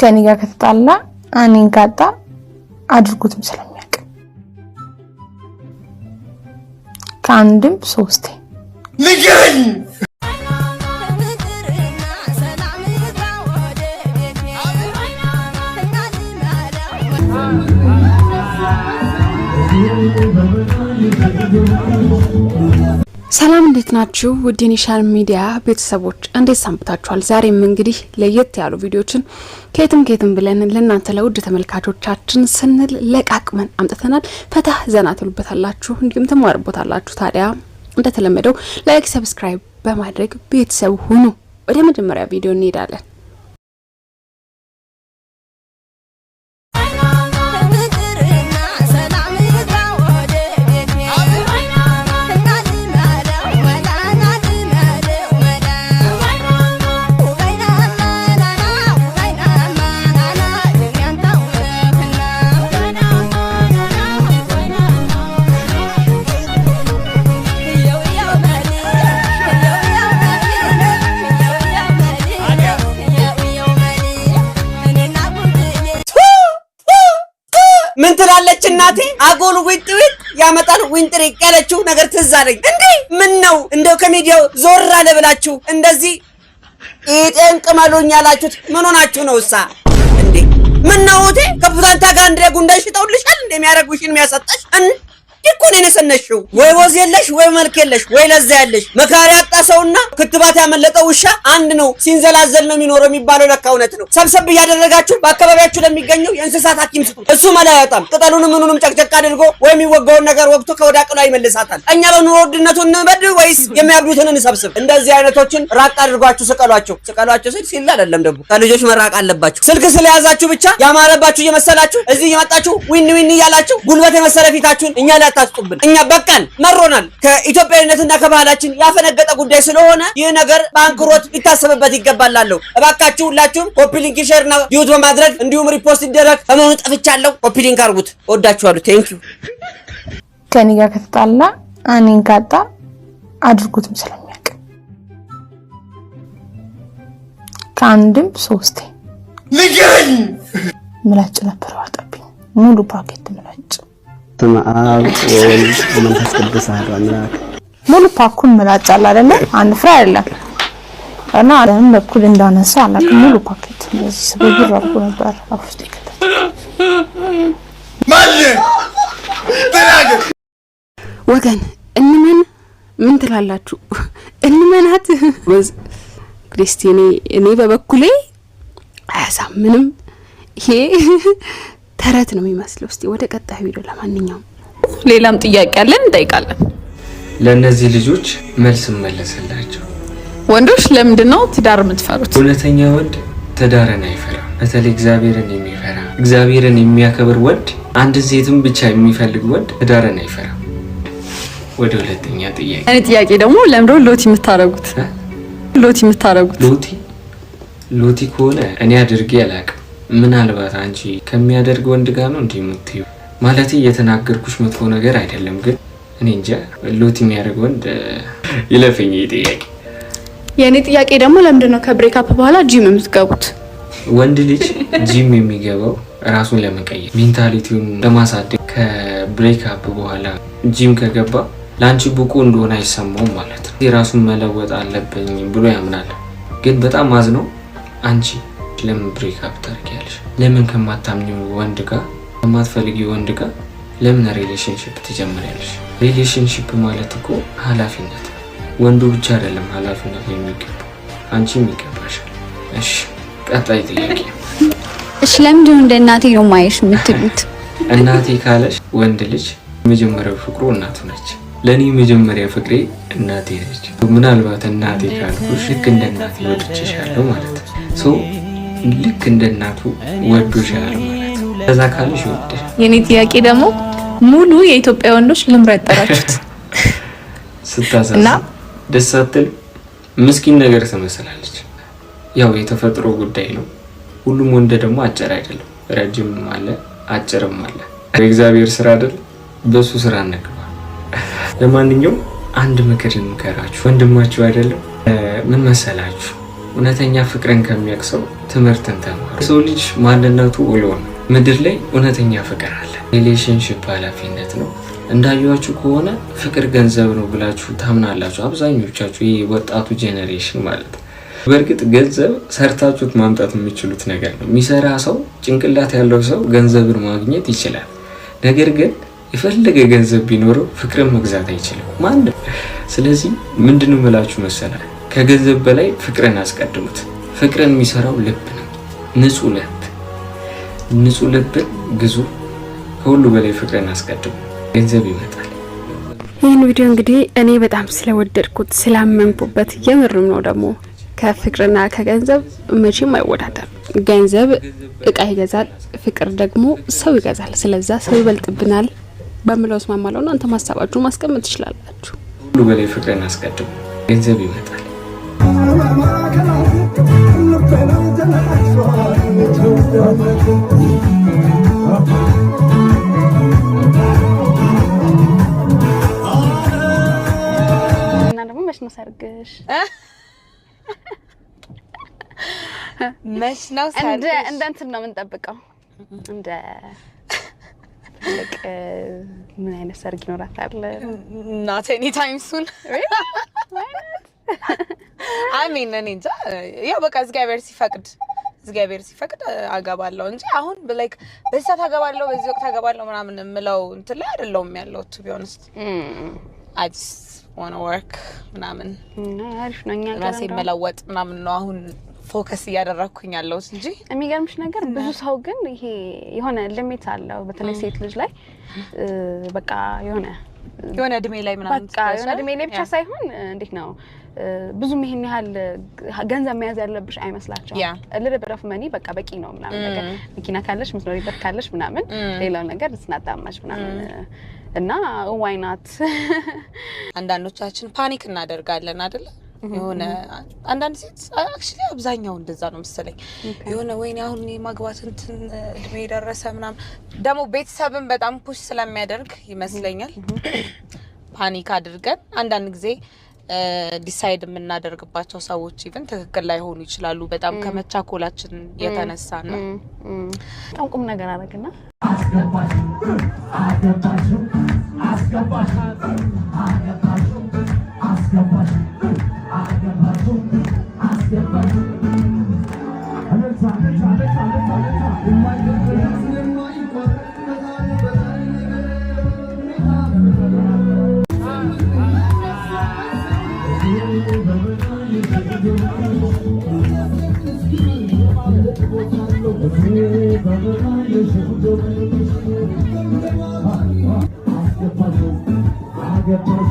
ከኔ ጋር ከተጣላ እኔን ጋጣ አድርጉትም ስለሚያውቅ ከአንድም ሶስቴ ንገረኝ። ሰላም እንዴት ናችሁ? ውድ የኒሻን ሚዲያ ቤተሰቦች እንዴት ሰንብታችኋል? ዛሬም እንግዲህ ለየት ያሉ ቪዲዮችን ከየትም ከየትም ብለን ለእናንተ ለውድ ተመልካቾቻችን ስንል ለቃቅመን አምጥተናል። ፈታ ዘና ትሉበታላችሁ፣ እንዲሁም ትማርቦታላችሁ። ታዲያ እንደተለመደው ላይክ፣ ሰብስክራይብ በማድረግ ቤተሰብ ሁኑ። ወደ መጀመሪያ ቪዲዮ እንሄዳለን። ምን ትላለች እናቴ? አጎል ዊጥ ዊጥ ያመጣል ዊንጥሪቅ ያለችው ነገር ትዝ አለኝ። እንዴ ምን ነው እንደው ከሚዲያው ዞር አለ ብላችሁ እንደዚህ ኢጤን ቅመሉኝ ያላችሁት ምን ሆናችሁ ነው? እሳ እንዴ ምን ነው እቴ ከቡታንታ ጋር እንደ ጉንዳን ሽጠውልሻል እንደሚያረጉሽን የሚያሰጣሽ እኮ ነው የነሰነሽው። ወይ ወዝ የለሽ፣ ወይ መልክ የለሽ፣ ወይ ለዛ ያለሽ። መካሪ ያጣ ሰውና ክትባት ያመለጠ ውሻ አንድ ነው፣ ሲንዘላዘል ነው የሚኖረው የሚባለው ለካ እውነት ነው። ሰብሰብ እያደረጋችሁ በአካባቢያችሁ ለሚገኘው የእንስሳት ሐኪም ስጡ። እሱ መላ ያወጣም። ቅጠሉንም ምኑንም ጨቅጨቅ አድርጎ ወይ የሚወጋውን ነገር ወቅቶ ከወደ አቅሏ ይመልሳታል። እኛ በኑሮ ውድነቱ እንበድ ወይስ የሚያብዱትን እንሰብስብ? እንደዚህ አይነቶችን ራቅ አድርጓችሁ ስቀሏቸው። ስቀሏቸው ስል ሲል አይደለም ደግሞ ከልጆች መራቅ አለባችሁ። ስልክ ስለያዛችሁ ብቻ ያማረባችሁ እየመሰላችሁ እዚህ እየመጣችሁ ዊን ዊን እያላችሁ ጉልበት የመሰለ ፊታችሁን እኛ አታስጡብን። እኛ በቃን፣ መሮናል። ከኢትዮጵያዊነትና ከባህላችን ያፈነገጠ ጉዳይ ስለሆነ ይህ ነገር በአንክሮት ሊታሰብበት ይገባላለሁ። እባካችሁ ሁላችሁም ኮፒሊንክ ሼር እና ዩት በማድረግ እንዲሁም ሪፖስት ይደረግ። ከመሆኑ ጠፍቻለሁ። ኮፒሊንክ አርጉት። ወዳችኋሉ። ቴንኪዩ። ከኔ ጋር ከተጣላ እኔን ካጣ አድርጉትም ስለሚያውቅ ከአንድም ሶስቴ ልጅ ምላጭ ነበር ዋጠብኝ። ሙሉ ፓኬት ምላጭ በመአብ ወወልድ ወመንፈስ ቅዱስ አሐዱ አምላክ። ሙሉ ፓኩን ምላጭ አለ አይደለ? አንድ ፍሬ አይደለም እና አለም በኩል እንዳነሳ አላቅ ሙሉ ፓኬት ነዚህ ስብብር አድርጎ ነበር አፍ ውስጥ ይከተል ወገን እንመን ምን ትላላችሁ? እንመናት ክርስቲያኔ እኔ በበኩሌ አያሳምንም ይሄ ተረት ነው የሚመስለው። እስቲ ወደ ቀጣይ ቪዲዮ ለማንኛውም ሌላም ጥያቄ አለን እንጠይቃለን። ለእነዚህ ልጆች መልስ መለሰላቸው። ወንዶች ለምንድን ነው ትዳር የምትፈሩት? እውነተኛ ወንድ ትዳርን አይፈራ። በተለይ እግዚአብሔርን የሚፈራ እግዚአብሔርን የሚያከብር ወንድ፣ አንድ ሴትም ብቻ የሚፈልግ ወንድ ትዳርን አይፈራ። ወደ ሁለተኛ ጥያቄ እኔ ጥያቄ ደግሞ ለምንድን ሎቲ የምታረጉት ሎቲ የምታረጉት ሎቲ ሎቲ ከሆነ እኔ አድርጌ አላውቅም ምናልባት አንቺ ከሚያደርግ ወንድ ጋር ነው እንዲህ የምትዩ ማለት እየተናገርኩሽ መጥፎ ነገር አይደለም፣ ግን እኔ እንጃ ሎት የሚያደርግ ወንድ ይለፈኝ። ጥያቄ የእኔ ጥያቄ ደግሞ ለምንድን ነው ከብሬክአፕ በኋላ ጂም የምትገቡት? ወንድ ልጅ ጂም የሚገባው ራሱን ለመቀየር ሜንታሊቲውን ለማሳደግ ከብሬካፕ በኋላ ጂም ከገባ ለአንቺ ብቁ እንደሆነ አይሰማውም ማለት ነው። የራሱን መለወጥ አለብኝ ብሎ ያምናል። ግን በጣም ማዝነው አንቺ ለምን ብሬክአፕ ታደርጊያለሽ? ለምን ከማታምኝ ወንድ ጋር ከማትፈልጊ ወንድ ጋር ለምን ሪሌሽንሽፕ ትጀምሪያለሽ? ሪሌሽንሽፕ ማለት እኮ ኃላፊነት ወንዱ ብቻ አይደለም ኃላፊነት የሚገባው አንቺም ይገባሻል። እሺ፣ ቀጣይ ጥያቄ። እሺ፣ ለምንድን እንደ እናቴ ነው ማየሽ የምትሉት? እናቴ ካለሽ ወንድ ልጅ የመጀመሪያው ፍቅሩ እናቱ ነች። ለእኔ የመጀመሪያ ፍቅሬ እናቴ ነች። ምናልባት እናቴ ካልኩሽ ልክ እንደ እናቴ ወድጄሻለሁ ማለት ነው። ልክ እንደ እናቱ ወዶሻል ማለት ከዛ ካልሽ ይወድሽ። የኔ ጥያቄ ደግሞ ሙሉ የኢትዮጵያ ወንዶች ለምን ያጠራችሁት? ስታሳስብ ደስ ምስኪን ነገር ትመስላለች። ያው የተፈጥሮ ጉዳይ ነው። ሁሉም ወንድ ደግሞ አጭር አይደለም፣ ረጅም አለ፣ አጭርም አለ። የእግዚአብሔር ስራ አይደል? በሱ ስራ እንግባ። ለማንኛውም አንድ ምክር እንምከራችሁ። ወንድማችሁ አይደለም ምን መሰላችሁ እውነተኛ ፍቅርን ከሚያቅሰው ትምህርትን ተማር። የሰው ልጅ ማንነቱ ውሎ ነው። ምድር ላይ እውነተኛ ፍቅር አለ። ሪሌሽንሽፕ ኃላፊነት ነው። እንዳያችሁ ከሆነ ፍቅር ገንዘብ ነው ብላችሁ ታምናላችሁ አብዛኞቻችሁ፣ ይህ ወጣቱ ጄኔሬሽን ማለት ነው። በእርግጥ ገንዘብ ሰርታችሁት ማምጣት የምችሉት ነገር ነው። የሚሰራ ሰው ጭንቅላት ያለው ሰው ገንዘብን ማግኘት ይችላል። ነገር ግን የፈለገ ገንዘብ ቢኖረው ፍቅርን መግዛት አይችልም ማንም። ስለዚህ ምንድን ምላችሁ መሰላል ከገንዘብ በላይ ፍቅርን አስቀድሙት። ፍቅርን የሚሰራው ልብ ነው። ንጹህ ልብ፣ ንጹህ ልብን ግዙ። ከሁሉ በላይ ፍቅርን አስቀድሙ። ገንዘብ ይመጣል። ይህን ቪዲዮ እንግዲህ እኔ በጣም ስለወደድኩት ስላመንኩበት፣ የምርም ነው ደግሞ ከፍቅርና ከገንዘብ መቼም አይወዳደር። ገንዘብ እቃ ይገዛል፣ ፍቅር ደግሞ ሰው ይገዛል። ስለዛ ሰው ይበልጥብናል በምለው እስማማለሁ። እናንተ ማሳባችሁ ማስቀመጥ ትችላላችሁ። ሁሉ በላይ ፍቅርን አስቀድሙ። ገንዘብ ይመጣል። እና ደግሞ መች ነው ሰርግሽ? መች ነው ሰርግሽ? እንደ እንትን ነው የምንጠብቀው። እንደ ትልቅ ምን አይነት ሰርግ ይኖራታል? ናት ኤኒ ታይም ሱን አይ ሚን እኔ እንጃ። ያው በቃ እግዚአብሔር ሲፈቅድ እግዚአብሔር ሲፈቅድ አገባለሁ እንጂ አሁን ላይክ በዚህ ሰዓት አገባለሁ በዚህ ወቅት አገባለሁ ምናምን የምለው እንትን ላይ አይደለሁም ያለሁት ቱ ቢሆንስት አዲስ ዋና ወርክ ምናምን ራሴ መለወጥ ምናምን ነው አሁን ፎከስ እያደረግኩኝ ያለሁት እንጂ የሚገርምሽ ነገር ብዙ ሰው ግን ይሄ የሆነ ልሜት አለው በተለይ ሴት ልጅ ላይ በቃ የሆነ የሆነ እድሜ ላይ ምናምን እድሜ ላይ ብቻ ሳይሆን እንዴት ነው ብዙም ይሄን ያህል ገንዘብ መያዝ ያለብሽ አይመስላቸውም። ልል ብረፍ መኒ በቃ በቂ ነው ምናምን ነገር መኪና ካለሽ ምትኖሪበት ካለሽ ምናምን ሌላው ነገር ስናጣማሽ ምናምን እና ዋይናት አንዳንዶቻችን ፓኒክ እናደርጋለን አይደለም የሆነ አንዳንድ ሴት አክቹዋሊ አብዛኛው እንደዛ ነው መሰለኝ። የሆነ ወይኔ አሁን ማግባት እንትን እድሜ የደረሰ ምናምን ደግሞ ቤተሰብን በጣም ፑሽ ስለሚያደርግ ይመስለኛል ፓኒክ አድርገን አንዳንድ ጊዜ ዲሳይድ የምናደርግባቸው ሰዎች ኢቭን ትክክል ላይሆኑ ይችላሉ። በጣም ከመቻኮላችን የተነሳ ነው። በጣም ቁም ነገር አስገባሽ አስገባሽ አስገባሽ አስገባሽ Get